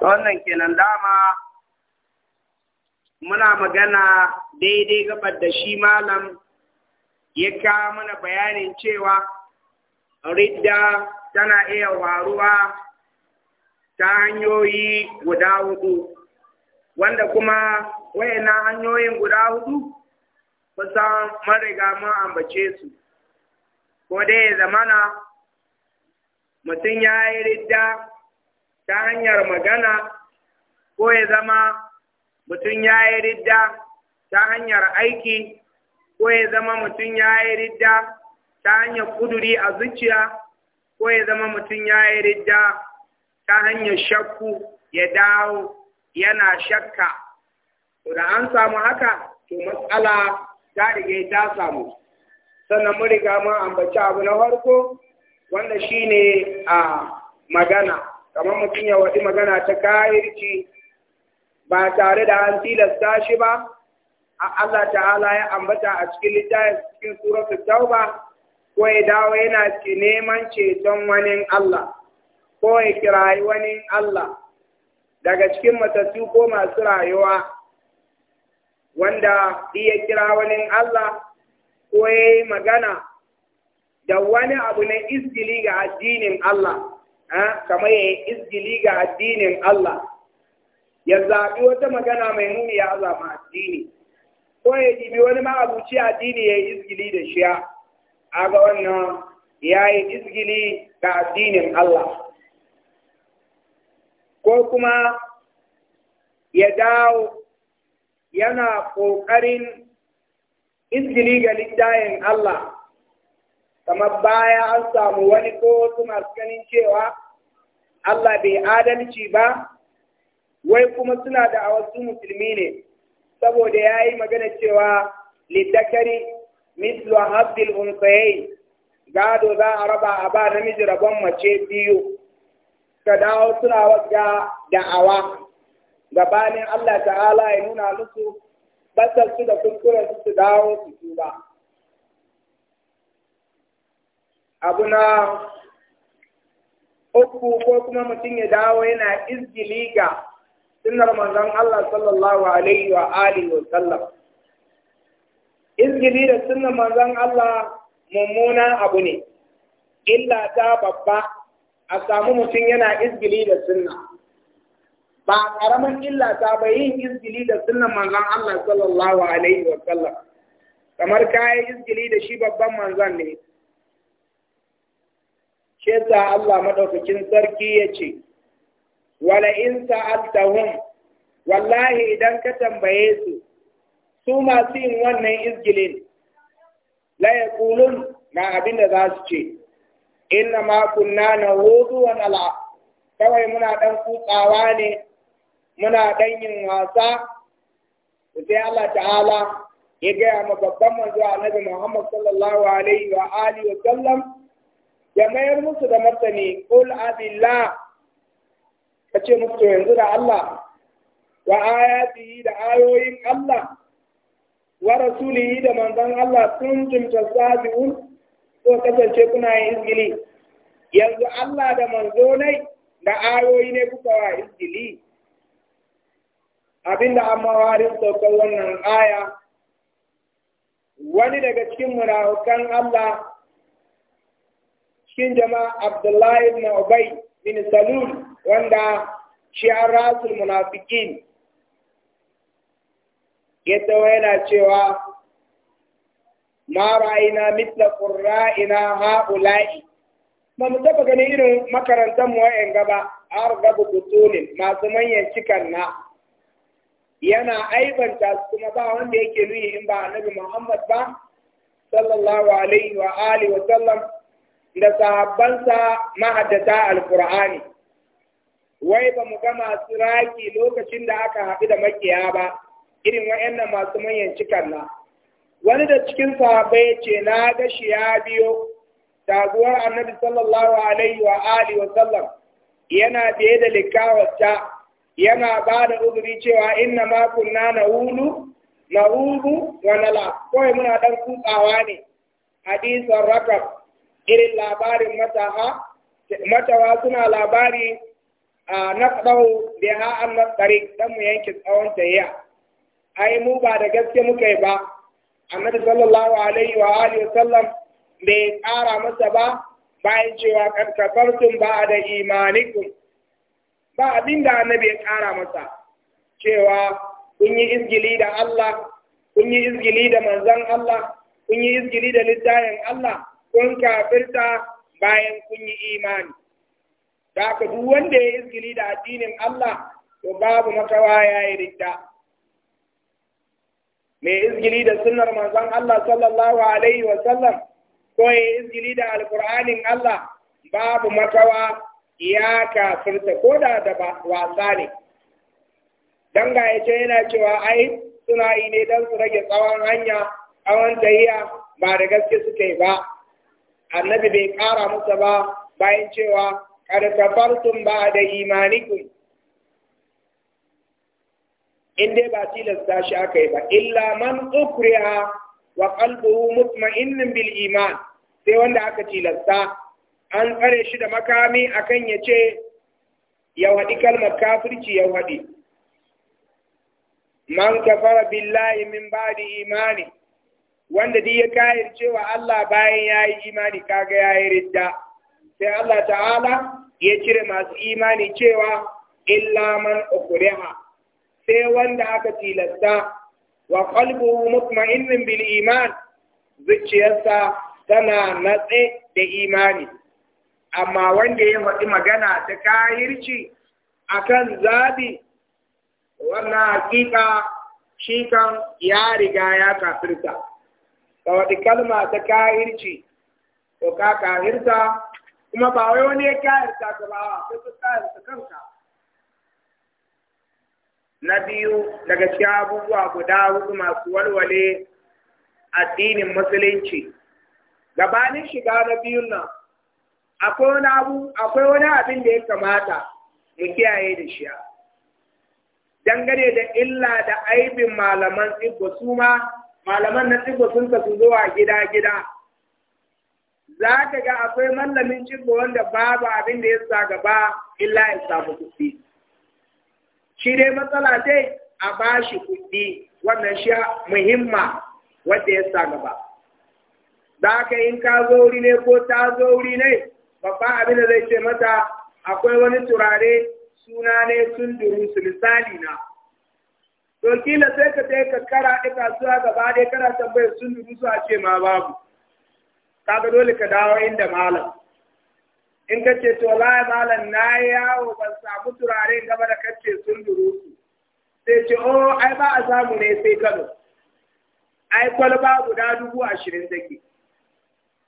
wannan kenan dama muna magana daidai gabar da shi malam ya kawo mana bayanin cewa ridda tana iya waruwa ta hanyoyi guda hudu wanda kuma wayannan hanyoyin guda hudu kusan mariga mun ambace su ko dai ya zamana mutum ya yi ridda ta hanyar magana ko ya zama mutum ya yi ridda ta hanyar aiki ko ya zama mutum ya yi ridda ta hanyar kuduri a zuciya ko ya zama mutum ya yi ridda ta hanyar shakku ya dawo yana shakka to da an samu haka to matsala ta riga ta samu sannan mun riga mun ambaci abu na farko wanda shine a ah, magana kamar mutum ya waɗi magana ta kayarci ba tare da an tilasta shi ba Allah ta'ala ya ambata a cikin littafin cikin ta tauba ko ya dawo yana ci neman ceton wani Allah ko ya kirayi wani Allah daga cikin matattu ko masu rayuwa wanda iya kira wani Allah ko ya yi magana da wani abu na iskili ga addinin Allah kamar ya yi izgili ga addinin Allah ya zaɓi wata magana mai nuni ya azama addini ko ya ɗibi wani ma'abuci addini ya yi izgili da shi a ga wannan ya yi izgili ga addinin Allah ko kuma ya dawo yana ƙoƙarin izgili ga littayin Allah kamar baya an samu wani ko wasu masu ganin cewa Allah bai adalci ba wai kuma suna da wasu musulmi ne saboda ya yi magana cewa littakari mislu habdil unsayi gado za a raba a ba namiji rabon mace biyu ka dawo suna wadda da'awa gabanin Allah ta'ala ya nuna musu basar su da kuskuren su su dawo su ba. abu na uku ko kuma mutum ya dawo yana izgiliga ga sunnar manzon Allah sallallahu alaihi wa alihi wa sallam izgili da sunar manzon Allah mummuna abu ne illa ta babba a samu mutum yana izgili da sunna ba ƙaramin illa ta ba yin izgili da sunnan manzon Allah sallallahu alaihi wa sallam kamar kayan izgili da shi babban manzon ne shi Allah madaukakin sarki yace ce wala in sa'altahum wallahi idan ka tambaye su su masu yin wannan izgilin la yaqulun na abin da za su ce inna ma kunna nahudu wa nal'a kawai muna dan kutsawa ne muna dan yin wasa sai Allah ta'ala ya gaya ma babban manzo annabi Muhammad sallallahu alaihi wa alihi wa sallam da mayar musu da martani qul abillah kace musu to yanzu da Allah wa yi da ayoyin Allah wa rasulihi da manzan Allah kuntum tasabiun ko kasance kuna yin izgili yanzu Allah da manzo ne da ayoyi ne kuka wa izgili abinda amma warin saukar wannan aya wani daga cikin munafukan Allah cikin jama'a Abdullahi ibn Ubay bin Salul wanda shi an rasul munafikin yadda yana cewa ma ra'ayina mitla qurra'ina ha'ula'i ba mu taba ganin irin makarantar mu wa'en gaba har gaba butulin masu manyan cikan na yana aibanta kuma ba wanda yake nuni in ba annabi Muhammad ba sallallahu alaihi wa alihi wa sallam da sahabbansa mahaddata alkur'ani wai ba mu ga masu raki lokacin da aka haɗu da makiya ba irin wa'annan masu manyan cikan na wani da cikin sahabbai ce na ga shi ya biyo taguwar annabi sallallahu alaihi wa alihi wa sallam yana biye da likawarta yana ba da uzuri cewa inna ma kunna na hulu na wa nala kawai muna dan kutsawa ne hadisan rakab irin labarin mataha matawa suna labari a nasarau da ha an nasbari don mu yanke tsawon tayya ai mu ba da gaske muka yi ba annabi sallallahu alaihi wa Alaihi wasallam bai tsara masa ba bayan cewa kad ba da imanikun. ba abin da annabi ya tsara masa cewa kun yi izgili da Allah kun yi izgili da manzan Allah kun yi izgili da littafin Allah kun kafirta bayan kun yi imani da ka duk wanda ya izgili da addinin Allah to babu makawa ya yi ridda Me izgili da sunnar manzon Allah sallallahu alaihi wa sallam ko ya izgili da alqur'anin Allah babu makawa ya kafirta ko da da wasa ne dan ga yace yana cewa ai suna yi ne dan su rage tsawon hanya tsawon tahiya ba da gaske suke ba annabi bai ƙara musa ba bayan cewa kada kafartum ba'da imanikum in dai ba tilasta shi aka yi ba illa man ukriha wa qalbuhu mutma'innun bil iman sai wanda aka tilasta an tsare shi da makami akan ya ce ya waɗi kalmar kafirci ya waɗi man kafara billahi min ba da imani wanda dai ya kayar cewa Allah bayan ya yi imani kaga ya yi ridda sai Allah ta'ala ya cire masu imani cewa illa man ukriha sai wanda aka tilasta wa qalbuhu mutma'innin bil iman zuciyarsa tana natse da imani amma wanda ya faɗi magana ta kayirci akan zabi wannan hakika shi kan ya riga ya kafirta ka waɗi kalma ta kahirci ko ka kahirta kuma ba wai wani ya kahirta ka ba sai ka kahirta kanka na biyu daga cikin abubuwa guda hudu masu walwale addinin musulunci gabanin shiga na biyun nan akwai wani abin da ya kamata mu kiyaye da shi dangane da illa da aibin malaman tsibba su malaman na cibbo sun su zuwa gida-gida za ka ga akwai mallamin cibbo wanda babu abin da ya sa gaba illa ya samu kuɗi shi dai matsala dai a ba shi kuɗi wannan shi muhimma wanda ya sa gaba za ka in ka zo wuri ne ko ta zo wuri ne babba abin da zai ce mata akwai wani turare suna ne sun duru su misali na to kila sai ka je ka kara kasuwa gaba ɗaya kana tambayar sun dubu su a ce ma babu kaga dole ka dawo inda malam in ka ce to la malam na yawo ban samu turare gaba da kace sun duru sai ce o oh, ai ba a samu ne sai kano ai kwalba guda dubu ashirin take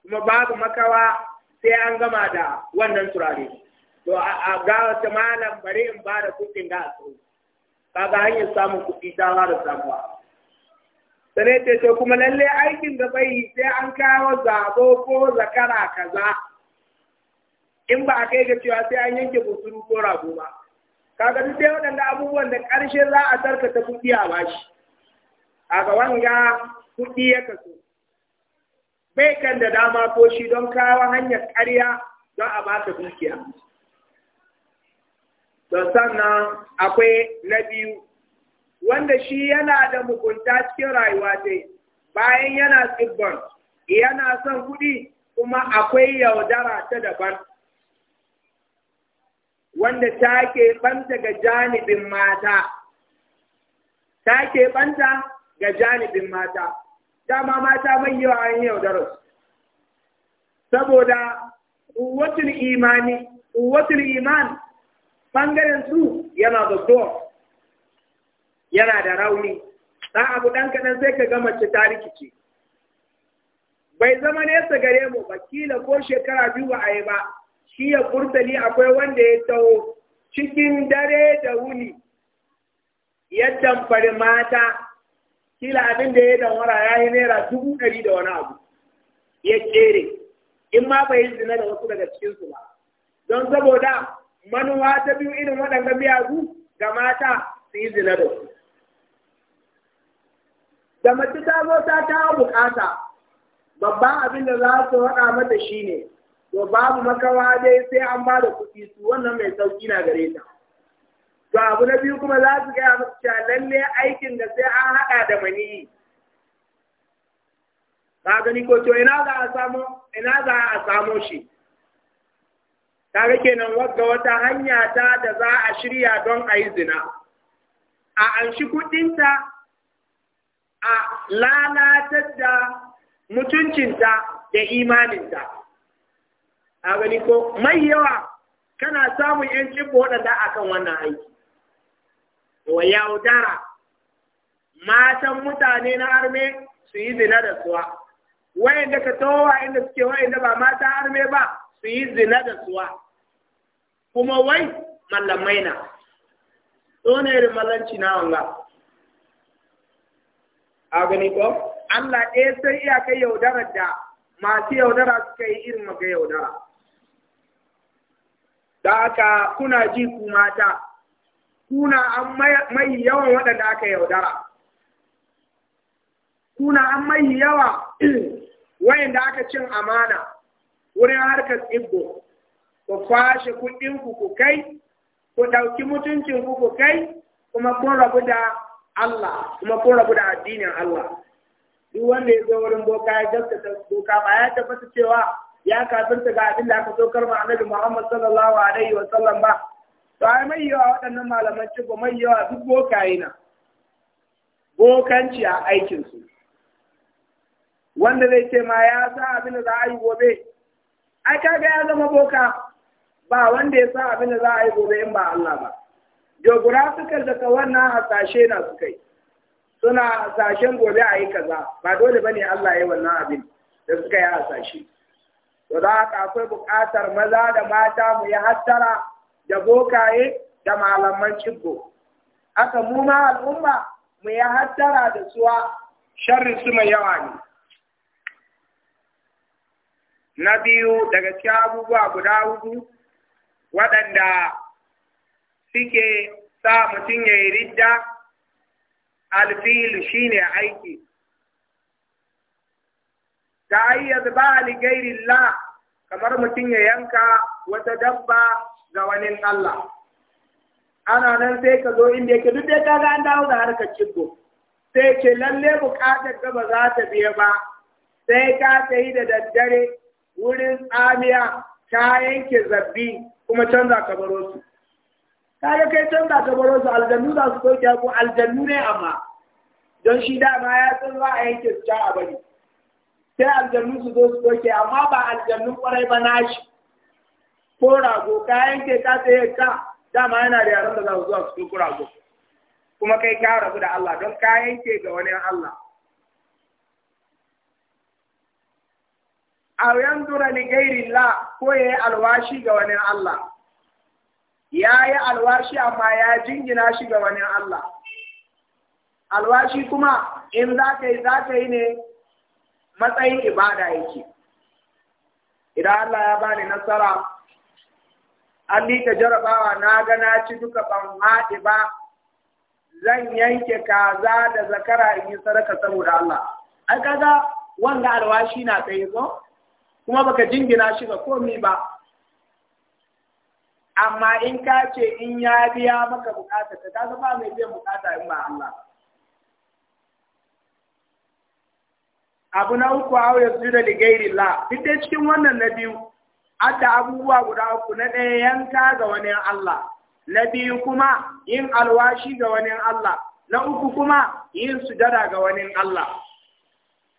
kuma babu makawa sai an gama da wannan turare to a ga malam bari in ba da kuɗin da a kaga hanyar samun kuɗi ta fara samuwa Sane ce to kuma lalle aikin da bai yi sai an kawo zabo ko zakara kaza in ba a kai ga cewa sai an yanke busuru ko rago ba kaga duk sai waɗanda abubuwan da ƙarshen za a tarkata kuɗi a bashi kaga wanga kuɗi ya kaso bai kan da dama ko shi don kawo hanyar ƙarya don a ba ta dukiya sannan akwai na biyu, wanda shi yana da mugunta cikin rayuwa dai, bayan yana tsibbon, yana son kuɗi kuma akwai yaudara ta daban. Wanda ta ke ɓanta ga janibin mata, ta ke ɓanta ga janibin mata, dama mata mai yawa an yaudararsu. Saboda, kuwatul imani, kuwatul iman bangaren su yana da zuwa yana da rauni ɗan abu ɗan kaɗan sai ka gama ci ta rikici bai zama nesa gare mu ba kila ko shekara biyu ba a yi ba shi ya kurtali akwai wanda ya taho cikin dare da wuni ya tamfari mata kila abin da ya damwara ya yi naira dubu ɗari da wani abu ya kere in ma bai yi zina da wasu daga cikinsu ba don saboda manuwa ta biyu irin waɗanda miyagu ga mata su yi zina da su. Da mace ta zo ta kawo bukata, babban abin da za su haɗa mata shi ne, to babu makawa dai sai an ba da kuɗi su wannan mai sauƙi na gare ta. To abu na biyu kuma za su gaya masu cewa lalle aikin da sai an haɗa da maniyi. Ka gani ko to ina za a samo shi. kaga kenan wagga wata hanya ta da za a shirya don a yi zina a anshi kudinta a lalatar da mutuncinta da imaninta a gani ko mai yawa kana samun yan cibbo waɗanda akan wannan aiki wa yaudara matan mutane na arme su yi zina da suwa wayanda ka towa inda suke wayanda ba mata arme ba su yi zina da suwa kuma wai mallamai na tsone irin mallanci na wanga a gani ko Allah ɗaya sai iya kai yaudarar da masu yaudara suka yi irin maka yaudara da aka kuna ji ku mata kuna an mai yawan waɗanda aka yaudara kuna an mai yawa wayanda aka cin amana wurin harkar tsibbo ku kwashe kuɗin ku ku kai ku ɗauki mutuncin ku ku kai kuma kun rabu da Allah kuma kun rabu da addinin Allah duk wanda ya zo wurin boka ya gaskata boka ba ya tabbata cewa ya kafirta ga abin da aka saukar ma annabi Muhammad sallallahu alaihi wa sallam ba to ai mai yawa waɗannan malaman ba mai yawa duk bokaye na bokanci a aikinsu wanda zai ce ma ya sa abin da za a yi gobe ai ga ya zama boka ba wanda ya sa abin da za a yi gobe in ba Allah ba geographical daga wannan hasashe na su kai suna hasashen gobe a yi kaza ba dole ba ne Allah ya yi wannan abin da suka yi hasashe to za ka akwai buƙatar maza da mata mu yi hattara da bokaye da malaman cibbo haka mu ma al'umma mu yi hattara da suwa sharri su mai yawa ne na biyu daga cikin abubuwa guda hudu waɗanda suke sa mutum ya yi ridda alfil ne aiki ta ayyar ba la kamar mutum ya yanka wata dabba ga wani Allah ana nan sai ka zo inda yake duk dai ga an dawo da harkar cikin sai ce lalle bukatar da ba za ta biya ba sai ka sayi da daddare wurin tsamiya ta yanke zabbi kuma canza ka baro su kaga kai canza ka baro su aljannu za su soke ku aljannu ne amma don shi dama ya san za a yanke su ta bari sai aljannu su zo su soke amma ba aljannu kwarai ba nashi ko rago ka yanke ka tsaye ka dama yana da yaren da za su zuwa su rago kuma kai ka rabu da Allah don ka yanke ga wani Allah aw yanzura ni gairin la ko yayi alwashi ga wani Allah Ya yi alwashi amma ya jingina shi ga wani Allah alwashi kuma in za ka yi za ka yi ne matsayin ibada yake idan Allah ya bani nasara an ta jarabawa na ga na ci duka ban haɗi ba zan yanke kaza da zakara in yi sadaka saboda Allah An kaga wanga alwashi na tsaye so? kuma baka jingina shi ga komi ba amma in ka ce in ya biya maka bukata ta kaga ba mai biyan bukata in ba Allah abu na uku aw yasjuda da ghairi la duk cikin wannan na biyu adda abubuwa guda uku na ɗaya yanka ga wani Allah na biyu kuma yin alwashi ga wani Allah na uku kuma yin sujada ga wani Allah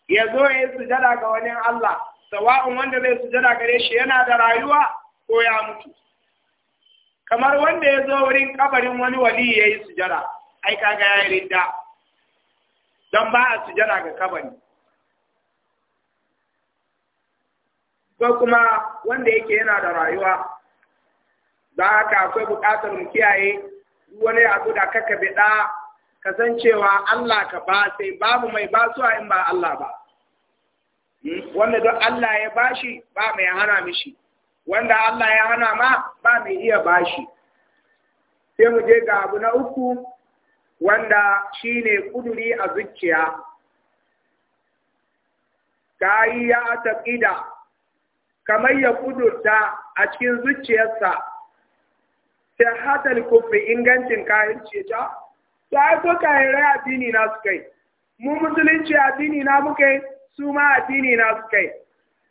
ya zo ya yi sujada ga wani Allah sawa'un wanda zai sujada gare shi yana da rayuwa ko ya mutu kamar wanda ya zo wurin kabarin wani wali ya yi sujada ai kaga ya yi ridda don ba a sujada ga kabari ko kuma wanda yake yana da rayuwa Za ka akwai bukatar mu kiyaye wani abu da kaka biɗa kasancewa Allah ka ba sai babu mai basuwa in ba Allah ba wanda don Allah ya bashi ba mai hana mishi wanda Allah ya hana ma ba mai iya bashi sai mu je ga abu na uku wanda shi ne kuduri a zuciya kayi ya taƙida kamar ya kudurta a cikin zuciyarsa ta hatar kufin ingancin kayan ceta ta haifo kayan rai addini na su kai mu musulunci addini na muka su ma addini na su kai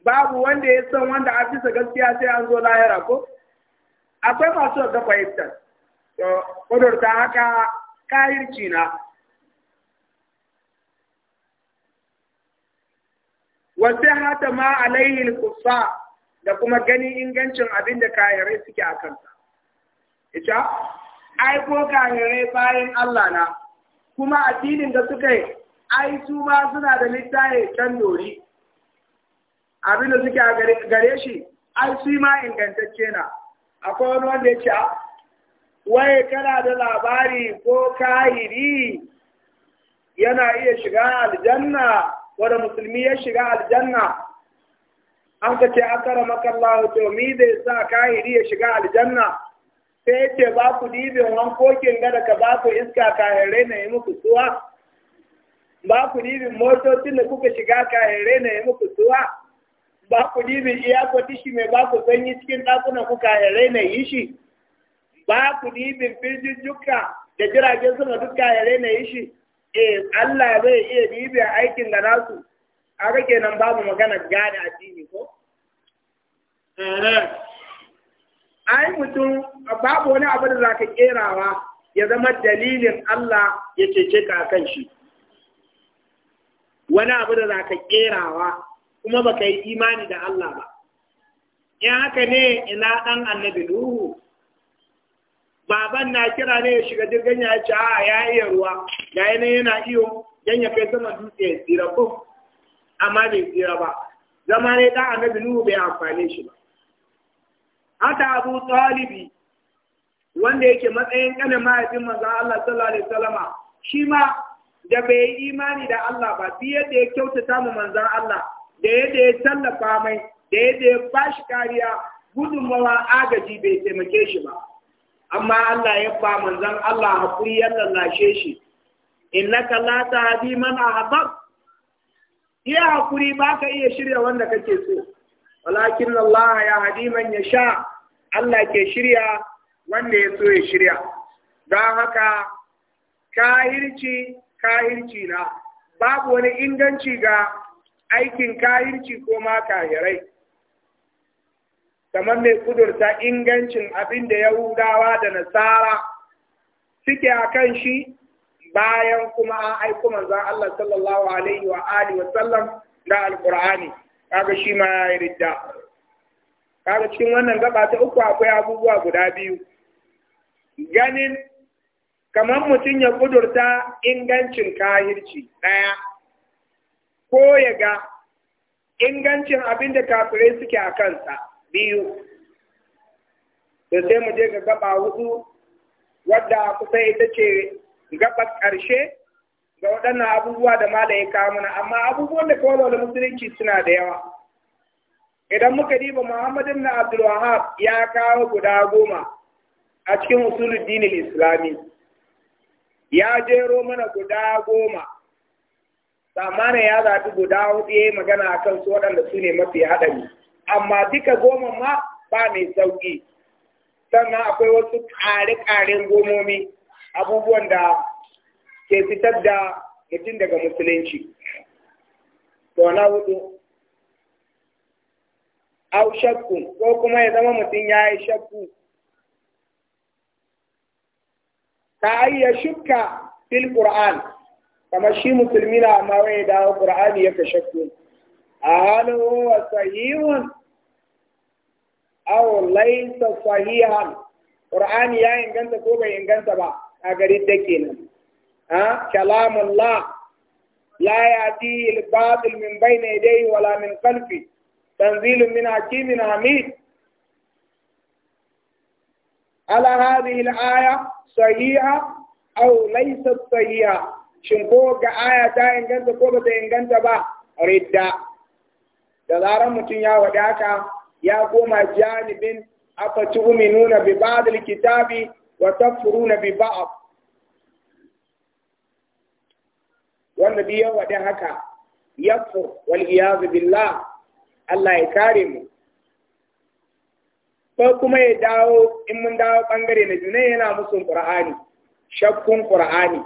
babu wanda ya san wanda a bisa gaskiya sai an zo lahira ko akwai masu da fahimtar to ta haka kahirci na wasu hata ma alaihi kusa da kuma gani ingancin abin da suke a kansa ita ai ko bayan Allah na kuma addinin da suka yi ai su ma suna da littaye can dori abin da suke gare shi ai su ma ingantacce na akwai wani wanda ya ce ah, wai kana da labari ko kahiri yana iya shiga aljanna wanda musulmi ya shiga aljanna an ka ce akara makallahu to mi da sa kahiri ya shiga aljanna sai ce ba ku dibin wankokin gada ka ba ku iska kahirai na yi muku suwa ba ku dibin motocin da kuka shiga kayan rena ya muku tuwa ba ku dibin iyakwati shi mai ba ku sanyi cikin ɗakunan kuka kayan rena yi shi ba ku dibin firjin jukka da jiragen sama duk kayan rena yi shi eh Allah zai iya a aikin da nasu haka kenan babu magana gane jini ko eh. ai mutum babu wani abu da ka kerawa ya zama dalilin Allah ya cece ka kan shi wani abu da za ka kerawa kuma ba ka yi imani da Allah ba. In haka ne ina ɗan annabi Nuhu, baban na kira ne ya shiga jirgin ya ce a ya iya ruwa, ga yana yana iyo don ya kai sama dutse ya tsira ko, amma bai tsira ba. Zama ne ɗan annabi Nuhu bai amfane shi ba. Haka Abu Talibi, wanda yake matsayin ƙanin mahaifin manzon Allah sallallahu alaihi wasallama, shi ma da bai yi imani da Allah ba fiye yadda ya kyautata mu manzan Allah da yadda ya tallafa mai da yadda ya bashi kariya gudunmawa agaji bai taimake shi ba amma Allah ya ba manzan Allah hakuri ya lallashe shi innaka la tahdi man ahbab ya hakuri ba ka iya shirya wanda kake so walakin Allah ya hadi man yasha Allah ke shirya wanda ya so ya shirya don haka kahirci kahinci na babu wani inganci ga aikin kahirci ko ma kahirai kamar mai kudurta ingancin abin da yahudawa da nasara suke a kan shi bayan kuma an aiko manzon Allah sallallahu alaihi wa alihi wa sallam da alqur'ani kaga shi ma ya ridda kaga cikin wannan gaba ta uku akwai abubuwa guda biyu ganin kamar mutum ya kudurta ingancin kahirci ɗaya ko ya ga ingancin abin da kafirai suke a kansa biyu da sai mu je ga gaba hudu wadda kusa ita ce gaba ƙarshe ga waɗannan abubuwa da mala ya kawo mana amma abubuwan da kawo da musulunci suna da yawa idan muka diba muhammadin na abdulwahab ya kawo guda goma a cikin usulul dinin islami ya jero mana guda goma samana ya zaɓi guda hudu ya yi magana a kan su waɗanda su ne mafi haɗari amma duka goma ma ba mai sauƙi sannan akwai wasu ƙare-ƙaren gomomi abubuwan da ke fitar da mutum daga musulunci to na hudu au shakku ko kuma ya zama mutum ya yi shakku ka ayya shukka fil qur'an Kama shi musulmi na amma wani dawo qur'ani ya kashe ku a halin huwa sahihun aw laysa sahihan qur'ani ya inganta ko bai inganta ba a gari da kenan ha kalamullah la yati al-batil min bayni yadayhi wala min khalfi tanzilun min hakimin hamid ala hadhihi al-aya sahiha aw laysat sahiha shin ko ga aya ta inganta ko bata inganta ba ridda da zarar mutum ya haka ya koma janibin afa tu'minuna bi ba'd al-kitabi wa tafuruna bi ba'd wanda biya haka yakfur wal iyaz billah Allah ya kare mu ko kuma ya dawo in mun dawo bangare na biyu yana musu qur'ani shakkun qur'ani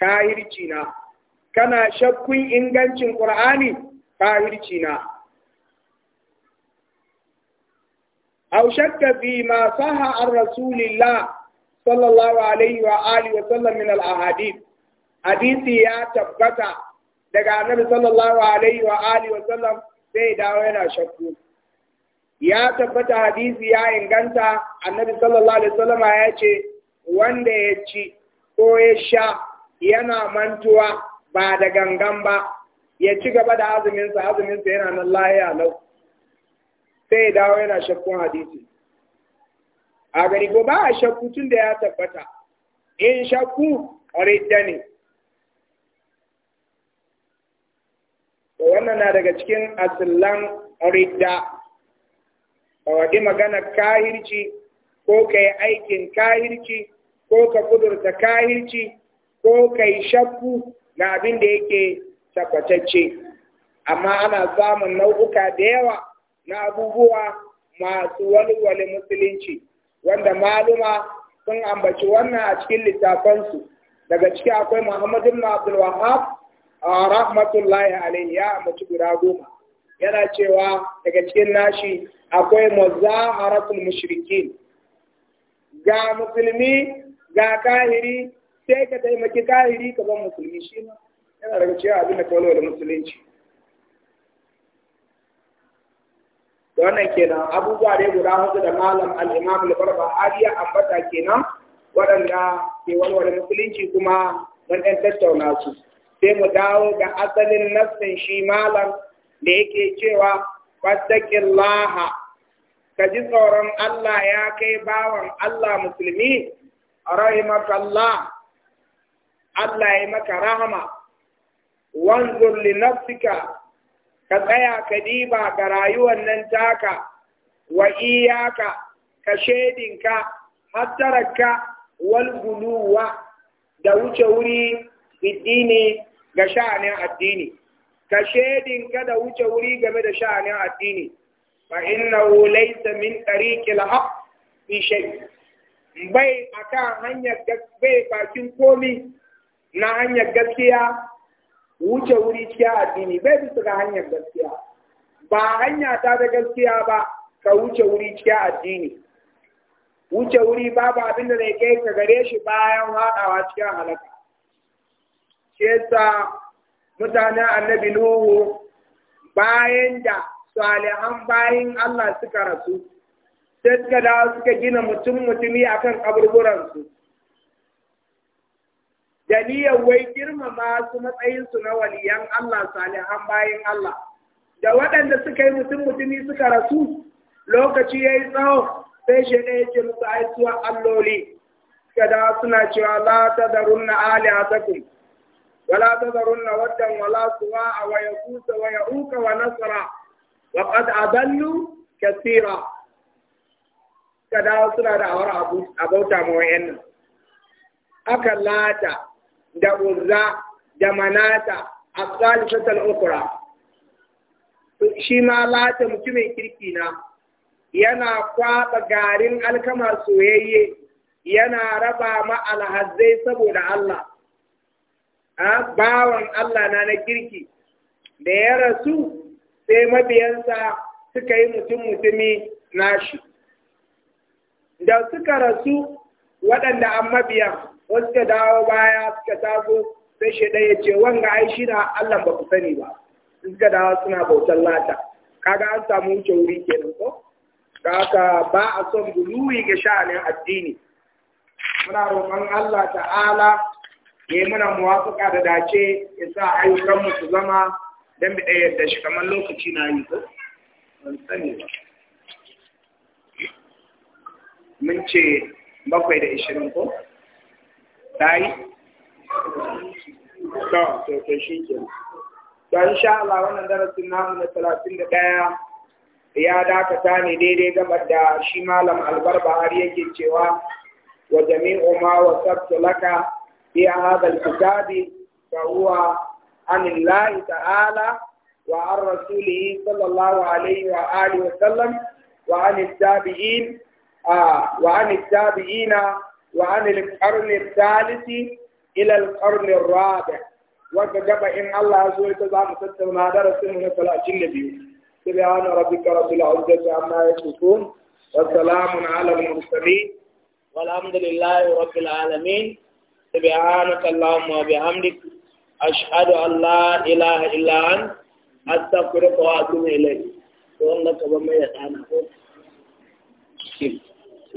kahirci na kana shakkun ingancin qur'ani kahirci na aw shakka fi ma saha an rasulillah sallallahu alaihi wa alihi wa sallam min al ahadith hadisi ya tabbata daga annabi sallallahu alaihi wa alihi wa sallam sai dawo yana shakku ya tabbata hadisi ya inganta annabi sallallahu alaihi wasallam ya ce wanda ya ci ko ya sha yana mantuwa ba da gangan ba ya ci gaba da azumin sa yana nan lahiya lau sai dawo yana shakkun hadisi a gari ko ba a shakku tun da ya tabbata in shakku ridda ne wannan na daga cikin asilan ridda ka waɗi maganar kahirci ko ka yi aikin kahirci ko ka kudurta kahirci ko ka yi shakku ga abin da yake tabbatacce amma ana samun nau'uka da yawa na abubuwa masu walwale musulunci wanda maluma sun ambaci wannan a cikin littafansu daga ciki akwai muhammadu ibn abdul wahab rahmatullahi alaihi ya ambaci guda goma yana cewa daga cikin nashi akwai muzaharatul mushrikin ga musulmi ga kahiri sai ka taimaki kahiri ka ban musulmi shi ma yana daga cewa abin da kawo da musulunci wannan kenan abubuwa dai guda hudu da malam al-imam al ambata kenan waɗanda ke walwala musulunci kuma mun ɗan tattauna su sai mu dawo ga asalin nassin shi malam da yake cewa Laha? ka ji tsoron Allah ya kai bawan Allah musulmi rahimakallah Allah ya maka rahama wanzur li ka tsaya ka diba ga rayuwar nan taka wa iyaka ka shedinka hattaraka wal guluwa da wuce wuri addini ga sha'anin addini كشيد كذا وجوري قبل شأن الدين فإنه ليس من طريق الحق في شيء بي أكا هنيا كبي فاشن كومي نا هنيا كبكيا وجوري كيا الدين بي بسكا هنيا كبكيا با هنيا تابا كبكيا با كوجوري كيا الدين وجوري بابا بابن ريكي كغريش بايا وانا واشكا هلكا شيسا mutanen annabi Nuhu bayan da salihan bayan Allah suka rasu sai suka dawo suka gina mutum mutumi akan kan da Daniyar wai girmama su matsayinsu na waliyan Allah salihan bayan Allah da waɗanda suka yi mutum mutumi suka rasu lokaci ya yi tsawo sai shi ɗaya ce musu aisuwa alloli suka dawo suna cewa za ta darun na alihatakum ولا تذرن ودا ولا سواء ويقوس ويعوق ونسرا وقد أضلوا كثيرا كذا سنة دعوة أبوتا موين أكلاتا دعوزا دمناتا أزا الثالثة الأخرى شما لا lata كركينا ينا na غارين الكمار garin ينا ربا ما على هزي alhazzai الله bawan Allah na na kirki da ya rasu sai mabiyansa suka yi mutum mutumi nashi da suka rasu waɗanda an mabiya wasu ka dawo baya suka taso sai shi ɗaya ce wanga ai shi na Allah ba ku sani ba suka dawo suna bautar lata kaga an samu wuce wuri kenan ko haka ba a son buluwi ga sha'anin addini muna roƙon Allah ta'ala ne muna muwafuka da dace ya sa ayyukanmu su zama don biɗe yadda shi kamar lokaci na yi ko? Ban sani ba. Mun ce bakwai da ishirin ko? Ta yi? To, to, shi ke. To, sha Allah wannan darasin namu na talatin da ɗaya ya dakata ne daidai gabar da shi malam albarba har yake cewa wa jami'u ma wa sabtu laka في هذا الكتاب فهو عن الله تعالى وعن رسوله صلى الله عليه وآله وسلم وعن التابعين آه وعن التابعين وعن القرن الثالث إلى القرن الرابع وكتب إن الله عز سوى تزعم درس درسنا فلا جل سبحان ربك رب العزة عما يصفون وسلام على المرسلين والحمد لله رب العالمين سبحانك اللهم وبحمدك أشهد أن لا إله إلا أنت أستغفرك وأتوب إليك وأنك بما يتعنى